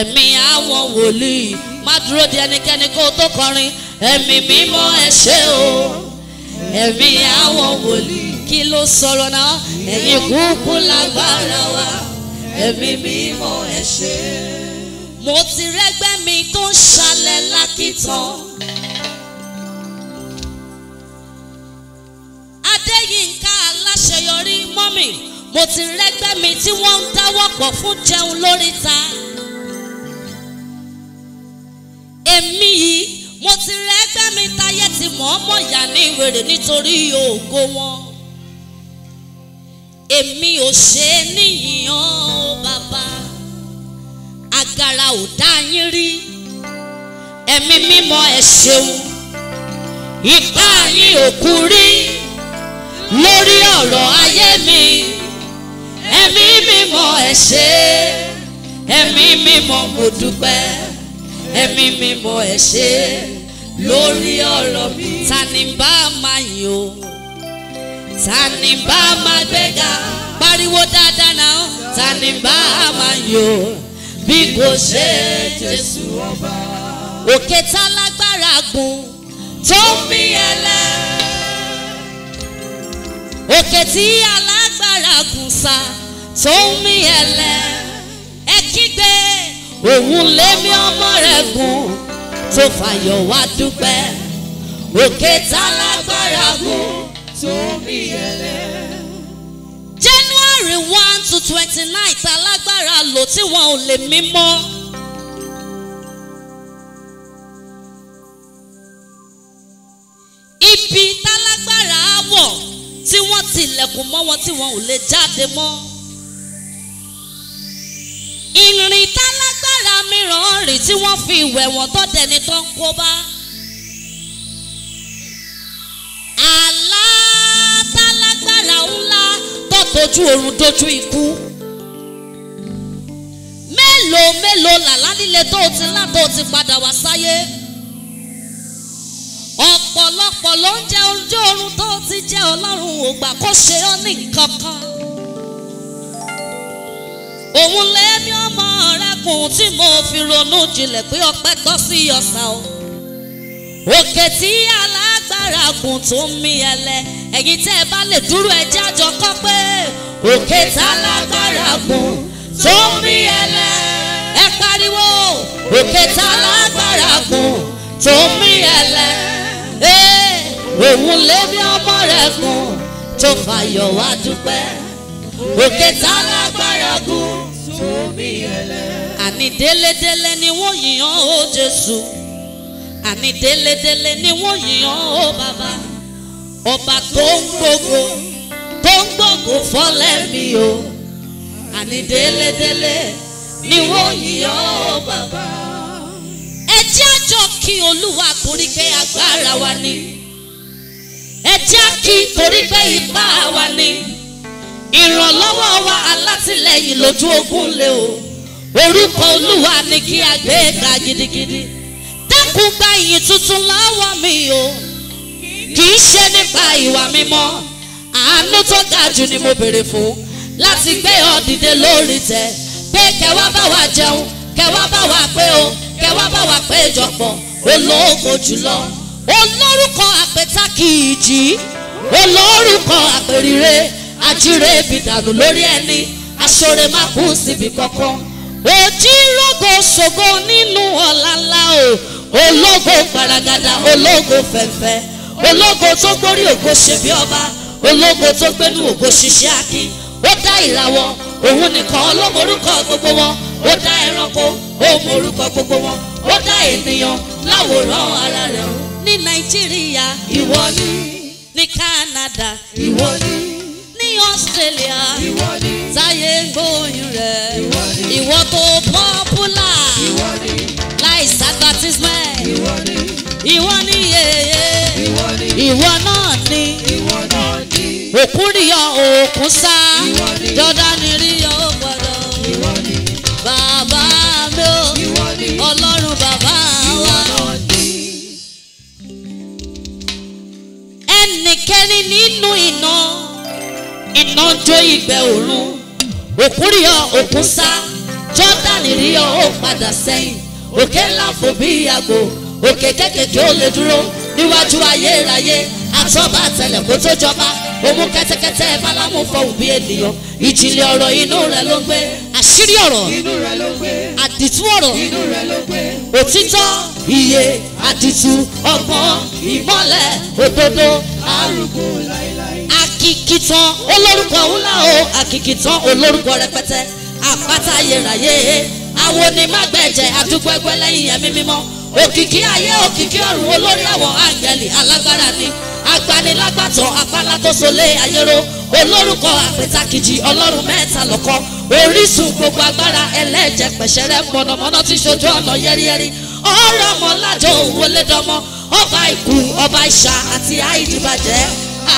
ẹ̀mí àwọn wòlíì má dúró di ẹnikẹ́ni kó tó kọrin ẹ̀mí mímọ́ ẹ o ẹ̀mí àwọn wòlíì kí ló sọ̀rọ̀ náà ẹ̀mí kúkú lágbára wa ẹ̀mí mímọ́ ẹ ṣé. mo ti rẹ́gbẹ́ mi tó ń ṣalẹ̀ lákìtàn. Adéyínká aláṣeyọrí mọ́mì mo ti rẹ́gbẹ́ mi tí wọ́n ń dáwọ́ pọ̀ fún jẹun lóríta. Èmi yìí mo ti rẹ́gbẹ́ mi táyé ti mọ̀ọ́mọ̀ yà ní wèrè nítorí ògo wọn. Èmi ò ṣe é níyìnyàn ó bàbá àgàrà ò dá yín rí ẹ̀mí mímọ́ ẹ ṣeun ipá yín ò kú rí lórí ọ̀rọ̀ ayé mi ẹ̀mí mímọ́ ẹ ṣe ẹ̀mí mímọ́ mo dúpẹ́ ẹ̀mí mímọ́ ẹ lórí ọ̀rọ̀ mi. ta ni bá máa yìn o ta ni bá máa gbéga pariwo dáadáa náà ta bá máa yìn o bí kò ṣe Jésù ọba òkè tá lágbára gùn tó ń fi ẹlẹ́. òkè tí alágbára gùn sá tó ń mí ẹlẹ́. ẹ kígbe òun lémi ọmọ rẹ̀ gùn tó fàyọ̀ wá dúpẹ́. òkè tá lágbára gùn tó ń mí January one to twenty nine alágbára lò tí wọn ò lè mí mọ́. tilẹ̀kùn mọ́ wọn tí wọn ò lè jáde mọ́. ìrìn tálágbára mìíràn rìn tí wọ́n fi ìwẹ̀ wọ́n tó dẹni tó ń kó bá. àlá ńlá tó dojú oorun dojú ikú. mélòó mélòó làlá líle tó ti ńlá tó ti padà wá sáyé ọ̀pọ̀lọpọ̀ ló ń jẹ ojú oorun tó ti jẹ́ ọlọ́run ò gbà kó ṣe ọ́ ní nǹkan kan. òun lẹ́mí ọmọ ọ̀rẹ́kùn tí mo fi ronú jinlẹ̀ pé ọpẹ́ tọ́ sí ọ̀sà o. òkè tí alágbára kùn tó ń mí ẹlẹ ẹ̀yin tẹ́ ẹ bá lè dúró ẹ jájọ kọ́ pé òkè tá alágbára kùn tó ń mí ẹlẹ. ẹ pariwo òkè tá alágbára kùn tó ń mí ẹlẹ òun lé bí ọmọ rẹ̀ gùn tó fàyọ̀ wá dúpẹ́ òkè tá lágbára gùn tó mi ẹlẹ́. àní délédélé ni wọ́n yìnyàn ó Jésù àní délédélé ni wọ́n yìnyàn ó bàbá ọba tó ń gbogbo tó ń gbogbo fọ́lẹ́ mi o àní délédélé ni wọ́n yìnyàn ó bàbá. ẹ jẹ́ àjọ kí olúwa kò agbára wa ni ẹ jẹ́ kí torí pé ipá wa ni ìrànlọ́wọ́ wa alátìlẹ́yìn lójú ogun lé o orúkọ olúwa ni kí a gbé ga gidigidi dẹ́kun gba ìyìn tuntun láwọ̀ mi o kì í ṣe nípa ìwà mímọ́ àánú tó ga jù ni mo béèrè fún láti gbé ọ dìde lórí tẹ pé kẹwàá bá wa jẹun kẹwàá bá wa pé o kẹwàá bá wa pé ìjọpọ̀ olóògùn jùlọ olórúkọ àpẹta kìí jí olórúkọ àpèrire àjíire bìdànù lórí ẹni aṣọre má kú síbi kankan òjìrógo ṣògo nínú ọ̀làlá o ológo gbaragada ológo fẹ̀fẹ̀ ológo tó gbórí ògo ṣe bí ọba ológo tó gbénú ògo ṣiṣẹ́ akin ó dá ìràwọ̀ òun nìkan ọlọ́mọ orúkọ gbogbo wọn ó dá ẹranko ó mọ orúkọ gbogbo wọn ó dá ènìyàn láwòrán ara rẹ̀ o ní nàìjíríà ìwọ ni ní canada ìwọ ni ní australia ìwọ ni táyé ń gbóyún rẹ ìwọ ni ìwọ tó pọ́pùlà ìwọ ni láì sàgbàtísmẹ́ ìwọ ni ìwọ ni yeye ìwọ ni ìwọ náà ni ìwọ náà ni òkú ríyọ òkú sá jọdá ni ríyọ ó ìwọ ni bàbá. ẹni nínú iná iná jó ìgbẹ́ òru òkú rí ọ òkú sá jọ́dánì rí ọ ó padà sẹ́yìn òkè ńlá fò bí àgbò òkè kékèké ó lè dúró níwájú ayérayé àtọ́ba àtẹlẹ̀ kó tó jọba òmu kẹ́tẹ́kẹ́tẹ́ bálámù fọ̀hùn bí ènìyàn ìjìnlẹ̀ ọ̀rọ̀ inú rẹ̀ ló gbé àṣírí ọ̀rọ̀ àdìtú ọ̀rọ̀ òtítọ́ iye àdìtú ọgbọ́n ìmọ́lẹ̀ òdodo arúgbó láíláí. akìkìtàn olórúkọ ńlá o akìkìtàn olórúkọ rẹpẹtẹ àpáta ayérayé àwọn onímọ̀gbẹ̀jẹ̀ àdúgbò ẹgbẹ́ lẹ́yìn ẹ̀mí mímọ́ òkìkí ayé òkìkí ọ̀run olórí àwọn áńgẹ́lì alágbára ni agbanilágbàtọ̀ abala tó solé ayéró olórúkọ àpètàkìjì ọlọ́run mẹ́ta lọ́kọ́ orísun gbogbo agbára ẹlẹ́jẹ̀ pẹ̀ṣẹ̀rẹ́ mọ̀nàmọ́ná tí ṣojú ọ̀nà yẹ́rìyẹ́rì ọ̀rọ̀ ọmọ lájọ òwòlédọ́mọ ọba ikú ọba ìṣà àti àìdìbàjẹ́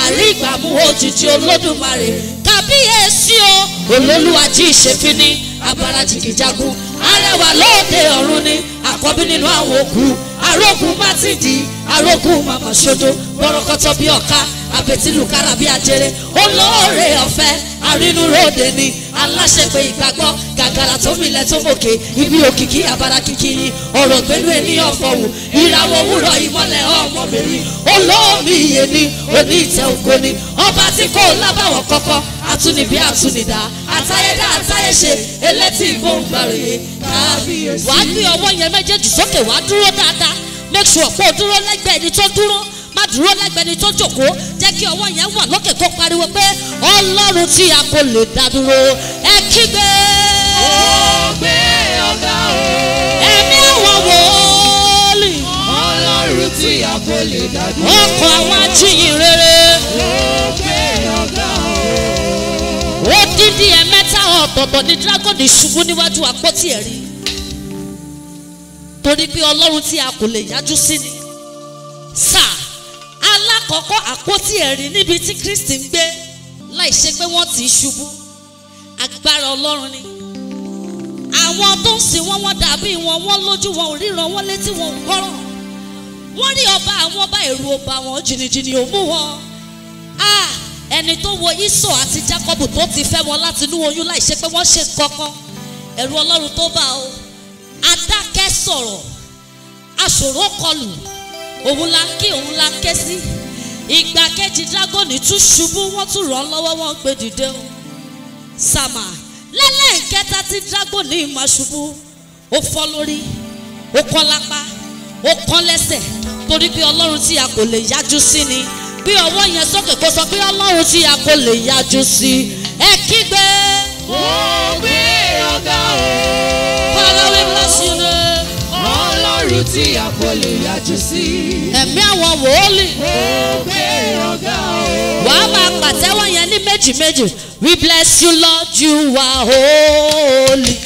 àrí ìgbàmú òjijì olódùmarè kábíyèsí o olólùwà jí ìṣèfínní abara jìgìjagun arẹwà lóde ọ̀run ni àkọ́bí nínú àwọn òkú arógun mátìdì arógun màmá ṣodo bọ́rọ̀kọ́tọ́ bí ọ̀ka àbètìlù kára bí ajere olóore ọ̀fẹ́ àrínúróde ni aláṣepé ìgbàgbọ́ gàgàrà tó milẹ̀ tó mòkè ibi òkìkí àbára kìkì yìí ọ̀rọ̀ pẹ̀lú ẹni ọ̀fọ̀wù ìràwọ̀ òwúrọ̀ ìmọ̀lẹ̀ ọmọbìnrin olóòmì iye ni oní ìtẹ́ ògo ni ọba tí kò lábàwọ̀ kọ́kọ́ àtúnibí àtúnidá àtayédá àtayéṣe elétí ìgbóhùngbàrèyé kábíyèsí. wàá gbé ọwọ́ yẹn méjèèjì sókè wàá dúró dáadáa make sure pé o dúró lẹ́gbẹ̀ẹ́ ẹni tó má dúró lẹ́gbẹ̀ẹ́ni tó jòkó jẹ́ kí ọwọ́ yẹn wà lókè kó pariwo pé ọlọ́run tí a kò lè dá dúró ẹ kígbe. ó gbé ọ̀gá o. ẹ̀mí àwọn wòólì. ọlọ́run tí a kò lè dá dúró. ọkọ̀ àwọn ajíyìn rere. ó gbé ọ̀gá o. ó dídí ẹ̀mẹ́ta ọ̀tọ̀ọ̀tọ̀ ni dragoni ṣubú níwájú àpótí ẹ̀rí torí pé ọlọ́run tí a kò lè yájú sí ni àkọ́kọ́ àpótí ẹ̀rí níbi tí Kristi ń gbé láì ṣe pé wọ́n ti ṣubú agbára Ọlọ́run ni àwọn tó ń sìn wọ́n wọ́n dàbí wọn wọ́n lójú wọn ò ríran wọ́n létí wọn ò gbọ́ràn wọ́n rí ọba àwọn ọba èrò ọba wọn jìnnìjìnnì ò mú wọn ẹni tó wo Ísọ̀ àti Jákọ́bù tó ti fẹ́ wọn láti inú oyún láì ṣe pé wọ́n ṣe kọ́kọ́ ẹ̀rù Ọlọ́run tó bá o adákẹ́ sọ̀rọ̀ aṣòro kọlù òun la ké òun la ké sí. Si ìgbà kejì dragoni tún ṣubú wọ́n tún ràn lọ́wọ́ wọ́n gbé dìde o sàmà lẹ́lẹ́ǹkẹta tí dragoni máa ṣubú ó fọ́ lórí ó kán lápá ó kán lẹ́sẹ̀ torí pé ọlọ́run tí a kò lè yájú sí ni bí ọwọ́ yẹn sókè kó sọ pé ọlọ́run tí a kò lè yájú sí ẹ kígbe. ó gbé ọgá o ẹrú tí a kò lè yájú sí. ẹ̀mí àwọn wòólì. ó ọ̀gá o. wàá máa pàtẹ́wọ́ yẹn ní méjì we bless you lord you are holy.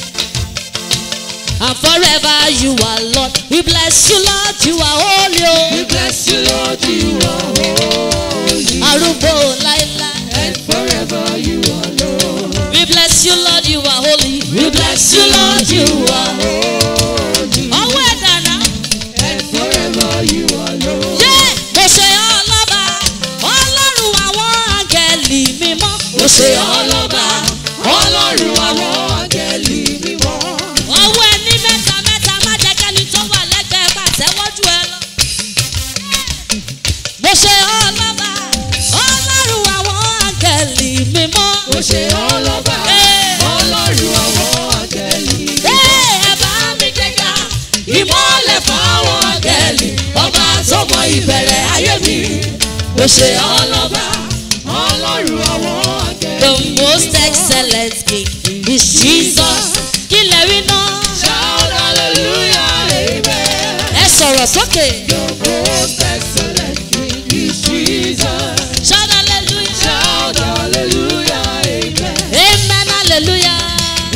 And forever you are Lord. We bless you, Lord, you are holy. Oh. We bless you, Lord, you are holy. Arúgbó láíláí. And forever you are Lord. We bless you, Lord, you are holy. We bless you, Lord, you are holy. ṣe ọlọ́ba ọlọ́run àwọn ọ̀gẹ́lì mímọ́. owó ẹni mẹ́ta mẹ́ta má jẹ́ kẹ́ni tó wà lẹ́gbẹ̀ẹ́ pàtẹ́wọ́jú ẹ lọ. mo ṣe ọlọ́ba ọlọ́run àwọn ọ̀gẹ́lì mímọ́. mo ṣe ọlọ́ba ọlọ́run àwọn ọ̀gẹ́lì mímọ́. ẹ bá mi gẹ́gà ìmọ̀lẹ̀ fáwọn ọ̀gẹ́lì ọba tó mọ ìbẹ̀rẹ̀ ayé mi. mo ṣe ọlọ́ba most excellent king is Jesus kí lè rí náà. shout hallelujah amen. ẹ sọ̀rọ̀ sókè. your most excellent king is Jesus. shout hallelujah. shout hallelujah amen. amen hallelujah.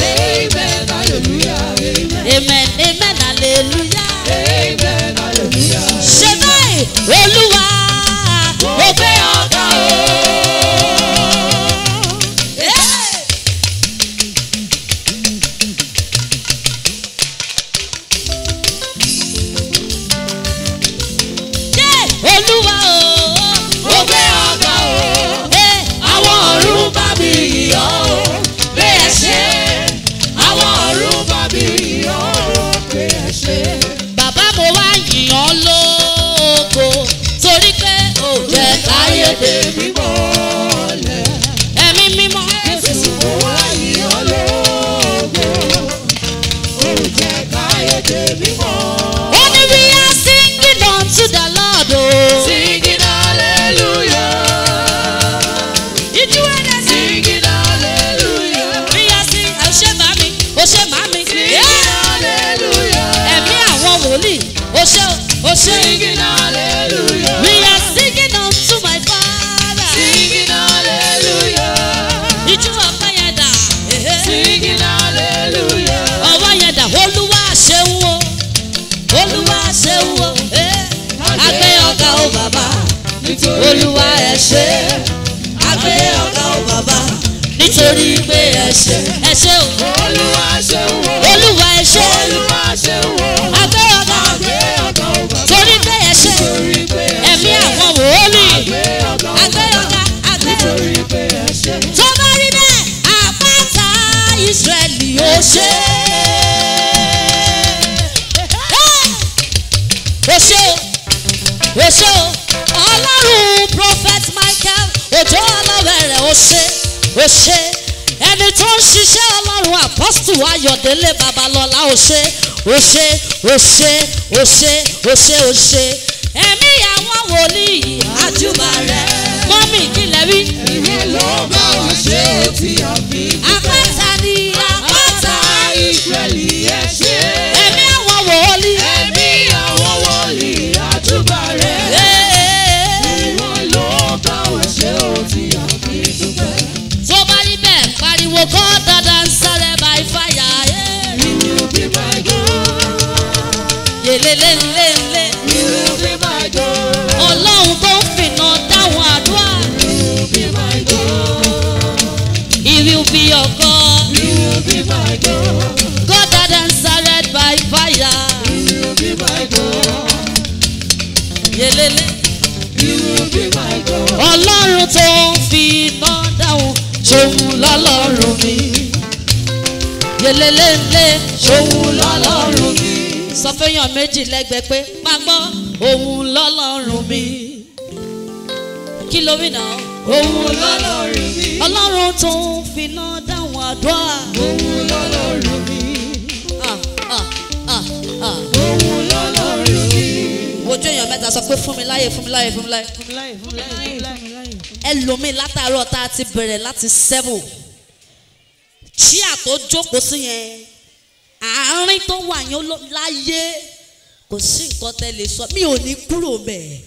amen hallelujah amen. amen amen hallelujah. amen hallelujah. ṣe báyìí olúwa. ẹ ṣé o. Jésù Ayọ̀délé Babalọ́lá ó ṣé ó ṣé ó ṣé ó ṣé ó ṣé ó ṣé. Ẹ̀mí àwọn wòlíì àjùmọ̀ rẹ̀. Mọ́mì kí lẹ wí. Ẹ̀mí ló bá wa ṣe é tí a lélẹ̀. ọlọ́run tó fi iná o, ṣòun lọ́lọ́run mi. yelelele ṣòun lọ́lọ́run mi. sọ fẹ́yàn méjì lẹ́gbẹ̀ẹ́ pé pápọ́ òun lọ́lọ́run mi. kí ló wí náà. òun lọ́lọ́run mi. ọlọ́run tó fi iná dáhùn àdúrà. òun lọ́lọ́run mi. ojú èèyàn mẹ́ta sọ pé fún mi láyè fún mi láyè fún mi láyè ẹlòmíì látàárọ̀ tá a ti bẹ̀rẹ̀ láti seven chíà tó jókòó sí yẹn àárín tó wà yẹn láyé kò sí nǹkan tẹ́ lè sọ mi ò ní kúrò bẹ́ẹ̀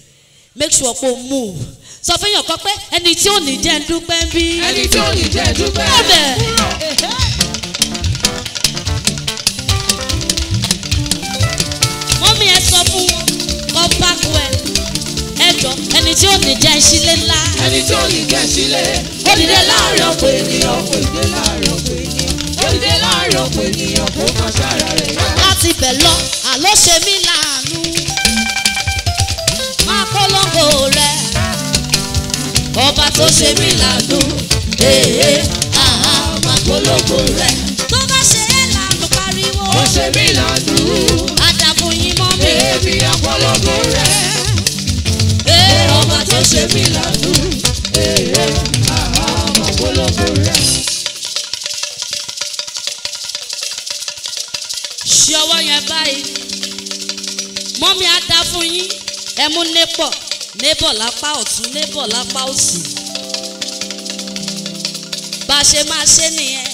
make sure kó move sọ fún yàn kan pé ẹni tí ò ní jẹ́ dúpẹ́ ń bí ẹni tí ò ní jẹ́ dúpẹ́ ń bẹ̀. tí ò ní jẹ́ sílé ńlá. ẹni tí ò ní jẹ́ sílé. ó dìde láàrin ọ̀pọ̀ ènìyàn kò dìde láàrin ọ̀pọ̀ ènìyàn kò dìde láàrin ọ̀pọ̀ ènìyàn kò kàn sára rẹ̀ yá. láti bẹ̀ lọ àlọ́ ṣe mí láàánú. máa polongo rẹ̀ ọba tó ṣe mí láàánú. èè rẹ̀. tó bá ṣe é láàánú pariwo. ó ṣe mí láàánú. àdàbò yín mọ́ mi. èmi àpolongo rẹ̀ ọmọ tó ṣe mí lánú àmọ́ polówó rẹ̀. ṣe ọwọ́ yẹn báyìí mọ́mí á dá fún yín ẹ mú nébọ̀ nebo lápá ọ̀tún nebo lápá òsì bá a ṣe máa ṣe nìyẹn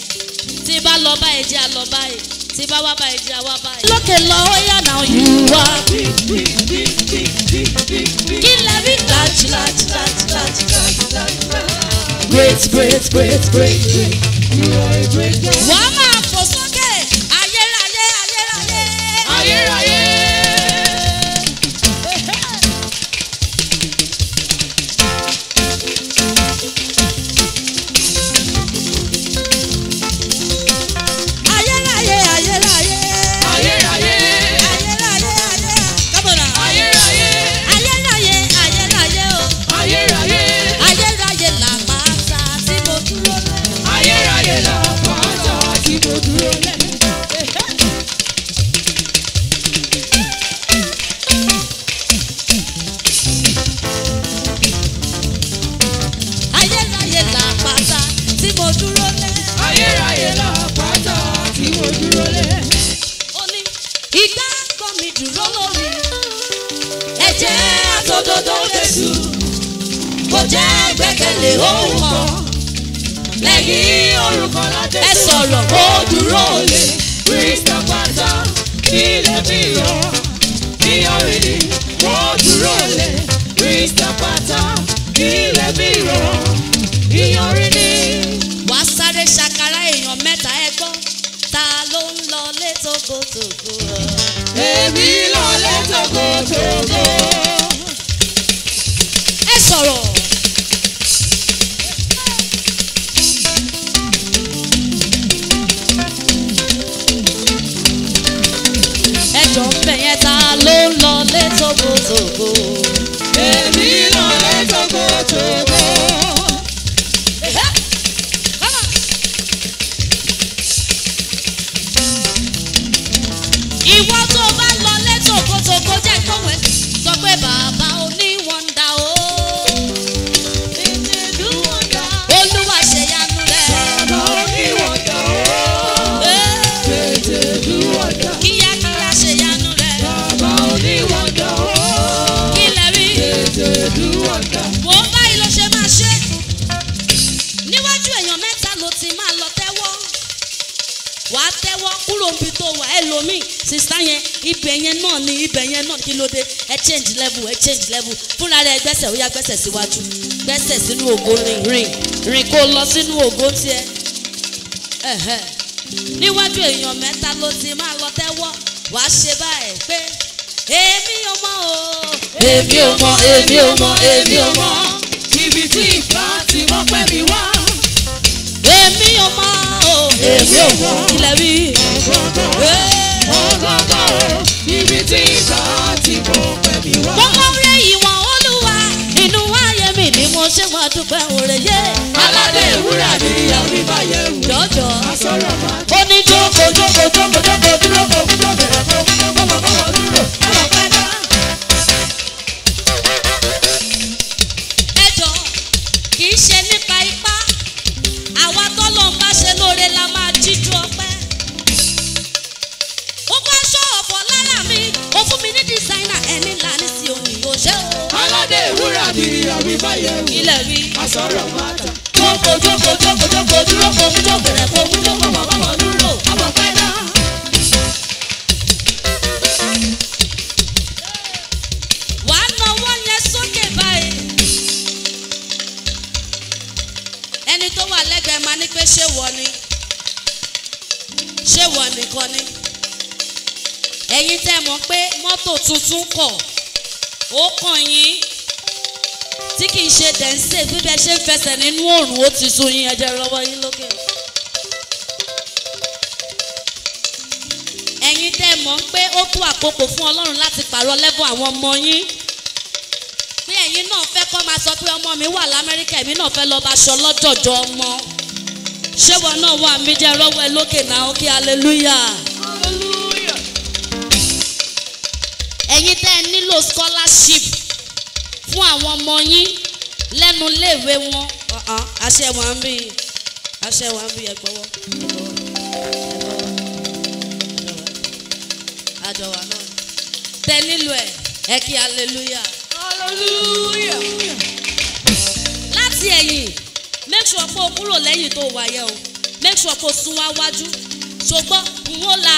tí bá lọ báyìí jẹ́ àlọ́ báyìí tí bá wá báyìí jà wá báyìí. lókè lọ ó yà náà yí wá. kí lè rí láti láti láti láti láti láti. great great great great wàá máa. lè orúkọ lẹ́yìn orúkọ láti ṣe. ẹ sọ̀rọ̀ ó dúró lè. krista pata ilé mi yọ níyọ rìndì ó dúró lè. krista pata ilé mi yọ níyọ rìndì. wà á sáré ṣàkàrà èèyàn mẹ́ta ẹ gbọ́ ta ló ń lọ létókòtòkò. èmi lọ létókòtòkò. àjọ mẹ́yẹn ta ló ń lọ létogbòtogbò. èmi lọ létogbòtogbò. ẹlòmíì sista yẹn ibẹ̀ yẹn náà ni ibẹ̀ yẹn náà kí ló dé ẹ change level ẹ change level fúnra rẹ gbẹ́sẹ̀ ó yá gbẹ́sẹ̀ síwájú gbẹ́sẹ̀ sínú ògo rìn rìn rìn kó lọ sínú ògo tiẹ̀ níwájú èèyàn mẹ́ta ló ti máa lọ tẹ́wọ́ wàá ṣe báyìí pé èmi ò mọ̀ o. èmi ò mọ̀ èmi ò mọ̀ èmi ò mọ̀ ibi tí ìfà ti mọ́ pẹ́ mi wá. èmi ò mọ̀ èmi ò kílẹ̀ bí. ọgọgọ ibi tí ìta ti kó pẹ̀lú wa. kókó rẹ̀ ìwọ̀n olúwa inú ayé mi ni mo ṣe máa dúpẹ́ òrè yé. aládé ìwúrà ni ìyá oníbàyẹ̀ wò. jọjọ ó ní jókòó jókòó jókòó jókòó dúró kó dúró bẹ̀rẹ̀ kó kó kó kó dúró. mi báyẹ̀ wò. ilẹ̀ mi. a sọ̀rọ̀ máa tà. jókòó jókòó jókòó jókòó dúró kò mú jókòó rẹ̀ kò mú jókòó mọ̀ bá ẹ̀yin tẹ́ mọ̀ pé mọ́tò tuntun kọ̀ ó kàn yín tí kì í ṣe dẹ̀nsẹ̀ bí bẹ́ẹ̀ ṣe ń fẹsẹ̀ nínú òòrùn ó ti sun yín ẹ̀jẹ̀ lọ́wọ́ yín lókè. ẹ̀yin tẹ́ ẹ mọ̀ pé ó kú àkókò fún Ọlọ́run láti pààrọ̀ lẹ́bùn àwọn ọmọ yín pé ẹ̀yin náà fẹ́ kọ́ máa sọ pé ọmọ mi wà l'Amẹ́ríkà èmi náà fẹ́ lọ́ọ́ aṣọ lọ́dọ̀dọ̀ ọmọ ṣé wọn náà wà mí jẹ́ rọ́wọ́ ẹ lókè náà ó kí hallelujah. ẹ̀yin tẹ́ ẹ nílò scholarship fún àwọn ọmọ yín lẹ́nu léèwé wọn àṣẹ uh-uh. wà ń bí àṣẹ wà ń bí ẹ gbọ́wọ́ àjọwà náà tẹ nílò ẹ ẹ kí hallelujah hallelujah láti ẹ̀yìn make sure kó o kúrò lẹ́yìn tó wà o make sure kó o sún wá wájú ṣùgbọ́n n ó la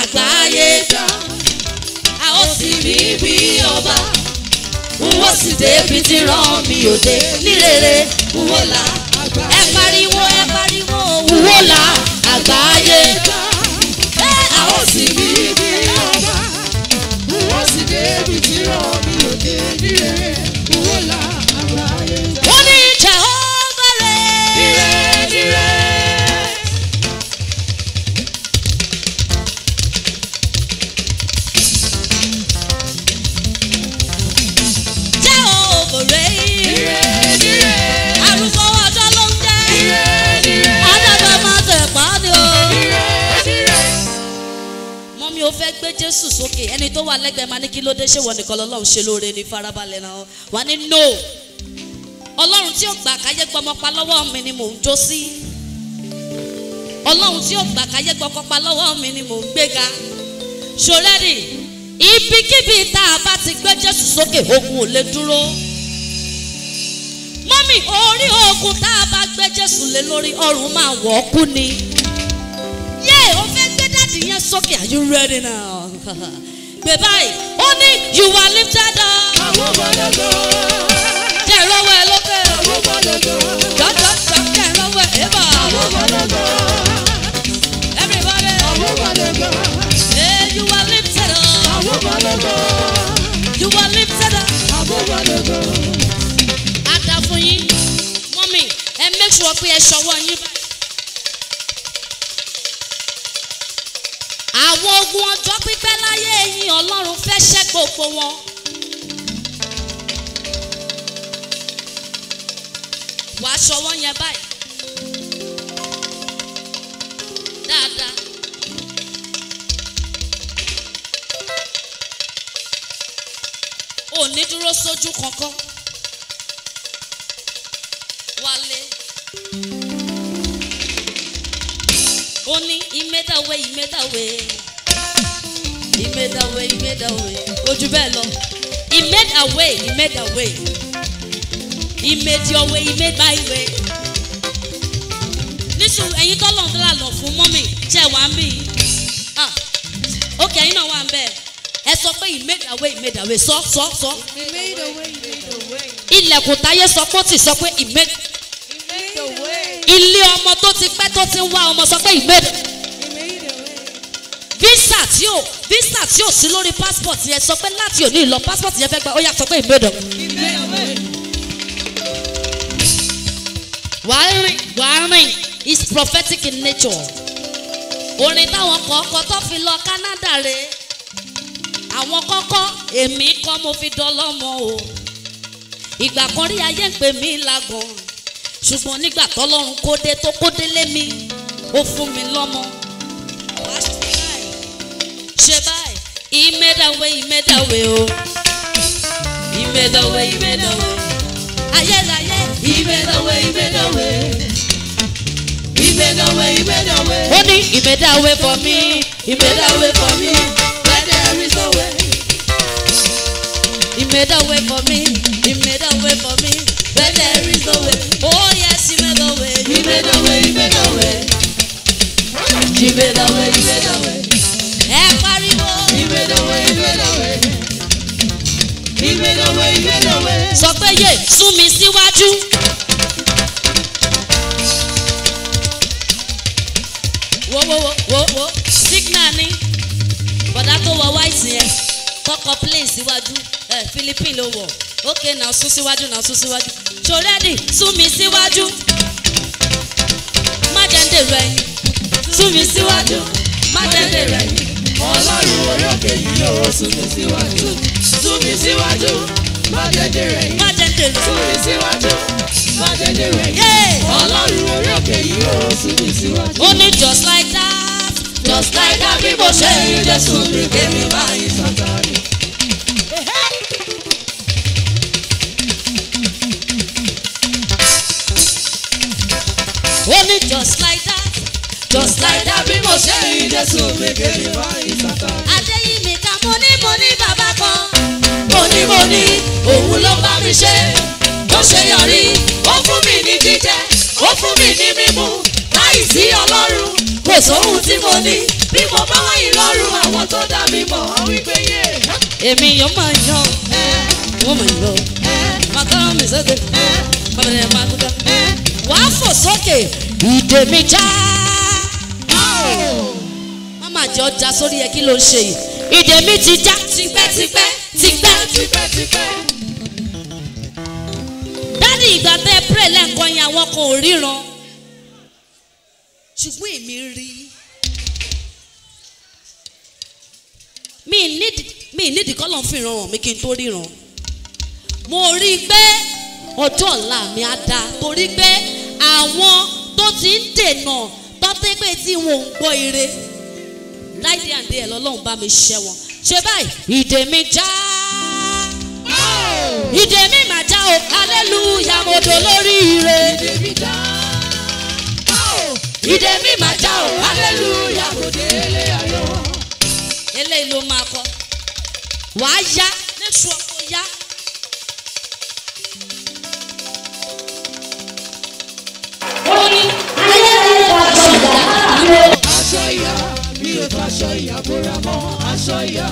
àgbáyé tán a ó sì rí bí ọba n ó sì débi tí rán mi ò dé nírere n ó là ẹ pariwo ẹ pariwo n ó àgbáyé ẹ a ó sì rí. wà lẹ́gbẹ̀ẹ́ máa ní kí ló dé ṣé nìkan lọ́lọ́run ṣe lóore ní farabalẹ̀ náà wọ́n ní no ọlọ́run tí ò gbà káyé gbọmọ pa lọ́wọ́ mi ni mò ń jó sí ọlọ́run tí ò gbà káyé gbọkọ pa lọ́wọ́ mi ni mò ń gbéga ṣòrẹ́rì ibikíbi tá a bá ti gbé Jésù sókè ogun ò lè dúró mọ́mì orí ogun tá a bá gbé Jésù lé lórí ọrùn máa wọ̀ ọ́ kú ni yé o fẹ́ gbé dáàdì yẹn sókè are you ready now? gbé báyìí ó ní you are lifted up. àwọn ọmọdé gbọ́. jẹ́ ìrọ̀wọ́ ẹ lókè. àwọn ọmọdé gbọ́. jọjọjọ jẹ́ ìrọ̀wọ́ ẹ ébà. àwọn ọmọdé gbọ́. everybody. àwọn ọmọdé gbọ́. ee you are lifted up. àwọn ọmọdé gbọ́. you are lifted up. àwọn ọmọdé gbọ́. a dà fún yín mọ́mí ẹ make sure pé ẹ ṣọwọ́ yín báyìí. àwọn ogun ọjọ́ pípẹ́ láyé yín ọlọ́run fẹ́ ṣẹ́ gbogbo wọn. wàá sọ wọ́n yẹn báyìí dáadáa. ò ní dúró sójú kankan wálé. ó ní ìmẹ́dàwé ìmẹ́dàwé ìmẹ́dàwé ìmẹ́dàwé ojú bẹ́ẹ̀ lọ he made a way he made a way he made your way he made my way nísìnyí ẹ̀yin tó lọ́n tó là lọ fún mọ́mì jẹ́ wà ń bì ah ok ẹ̀yin náà wà ń bẹ̀ ẹ sọ pé he made a way he made a way sọ sọ sọ ilẹ̀kùn táyé sọ pé ó ti sọ pé he made ilé ọmọ tó ti pẹ́ tó ti wá ọmọ sọ pé ìmẹ́ẹ̀dì visa tí ò visa tí ò sí lórí passport yẹn sọ pé láti òní lọ passport yẹn fẹ́ gba ó sọ pé ìmẹ́ẹ̀dì wàárín wàárín is prophetic in nature orin táwọn kọ̀ọ̀kan tó fi lọ Canada rèé àwọn kọ́kọ́ èmi kọ́ mo fi dán lọ́mọ o ìgbà kan rí ayé ń pè mí lágọ̀ọ́ ṣùgbọ́n nígbà tọ́lọ́run kó dé tó kó délé mi ó fún mi lọ́mọ. ṣe báyìí ìmẹ́dàwé ìmẹ́dàwé o ìmẹ́dàwé ìmẹ́dàwé ayélujáyé ìmẹ́dàwé ìmẹ́dàwé ìmẹ́dàwé ìmẹ́dàwé. ó ní ìmẹ́dàwé for me ìmẹ́dàwé for me where there is no way. ìmẹ́dàwé for me ìmẹ́dàwé for me. When there is no way, oh yes, He made a way. He made a way, He made a way. He made a way, He made a way. Ẹ pariwo. He made a way, He made a way. He made a way, He made a way. Sọ pé yé sún mi síwájú. Wo wo wo wo wo signal ni bọ̀dá tó wọ white yẹn kọ́kọ́ plane Philippine ló wọ̀ okay now sún síwájú now sún síwájú so ready sún mi síwájú má jẹ́ ń dèrò ẹ̀yìn sún mi síwájú má jẹ́ ń dèrò ẹ̀yìn ọlọ́run orí òkè yìí yóò sún mi síwájú sún mi síwájú má jẹ́ ń dèrò ẹ̀yìn má jẹ́ ń dèrò ẹ̀yìn sún mi síwájú má jẹ́ ń ọlọ́run orí yìí yóò sún mi síwájú. ó ní just like that just like that bí mo ṣe ń jẹ́ sùn mi kémi báyìí. Only just like that. Just like that bí mo ṣe rí Jésù mi kiri wá ìsàkà. Adéyìnbí kan mo ní mo ní bàbá kan. Mo ní mo ní òun ló bá mi ṣe. Mo ṣe yọrí, ó fún mi ní jíjẹ, ó fún mi ní mímu. Láìsí Ọlọ́run, kò sóhun tí mo ní. Bí mo bá wáyé lọ́rùn àwọn tó dá mi mọ̀, àwọn ìgbé yé. Èmi yóò máa yọ, mo máa yọ. Màkàrọ̀ mi sọ́dọ̀, bàbá rẹ̀ máa kúta wà á fò sókè dìde mi já. mama jẹ́ ọjà sórí ẹ kí ló ń ṣe yìí. ìdè mi ti já tipẹ́tipẹ́ tipẹ́tipẹ́. dádì ìgbà tẹ́ pray lẹ́ẹ̀kan yẹn àwọn kan ò ríran ṣùgbọ́n èmi rí i. mi nídìí kọ́lọ̀ fún ìran mi kí n tó ríran mo rí i pé ọjọ́ ọ̀la mi á da torí pé àwọn tó ti ń dènà tọ́tẹ́ tí wọn ń gbọ́ ire right there and there lọ́lọ́run bá mi ṣẹ́ wọn ṣe báyìí ìdè mi já oh! ìdè mi mà já o hallelujah mo dò lórí ire ìdè mi já oh! ìdè mi mà já o hallelujah mo délé ayọ̀ eléyìí ló máa kọ wàá yá lẹ́sùn ọkọ. aṣọ ìyá mi ò tó aṣọ ìyá bóra mọ́ aṣọ ìyá.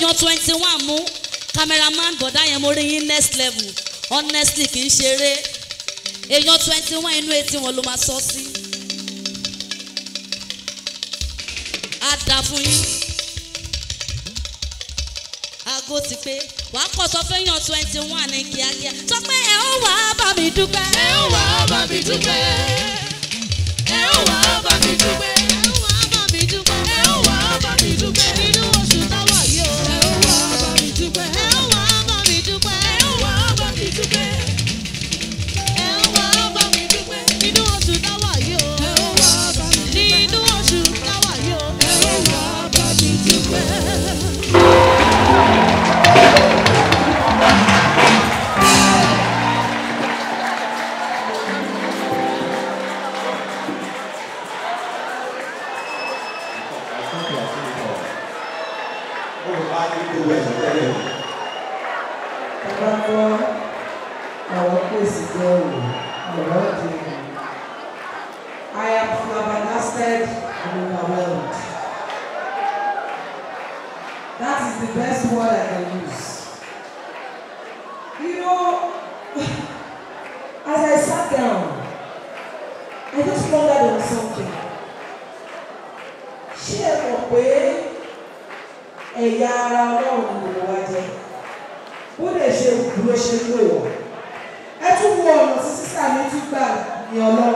èèyàn twenty one mú cameraman bọ̀dá yẹn mo rí yín next level honestly kì í ṣeré èèyàn twenty one inú etí wọn ló máa sọ sí. á da fún yín aago ti pé wàá kọ́ sọ fẹ́yàn twenty one ní kíákíá sọ pé ẹ ó wà á bá mi dúpẹ́. ẹ ó wà á bá mi dúpẹ́. ẹ ó wà á bá mi dúpẹ́. bí ó ṣe ń lò wọ́n. ẹ tún wo ọ̀nà tí sísá mi gbà ní ọlọ́run.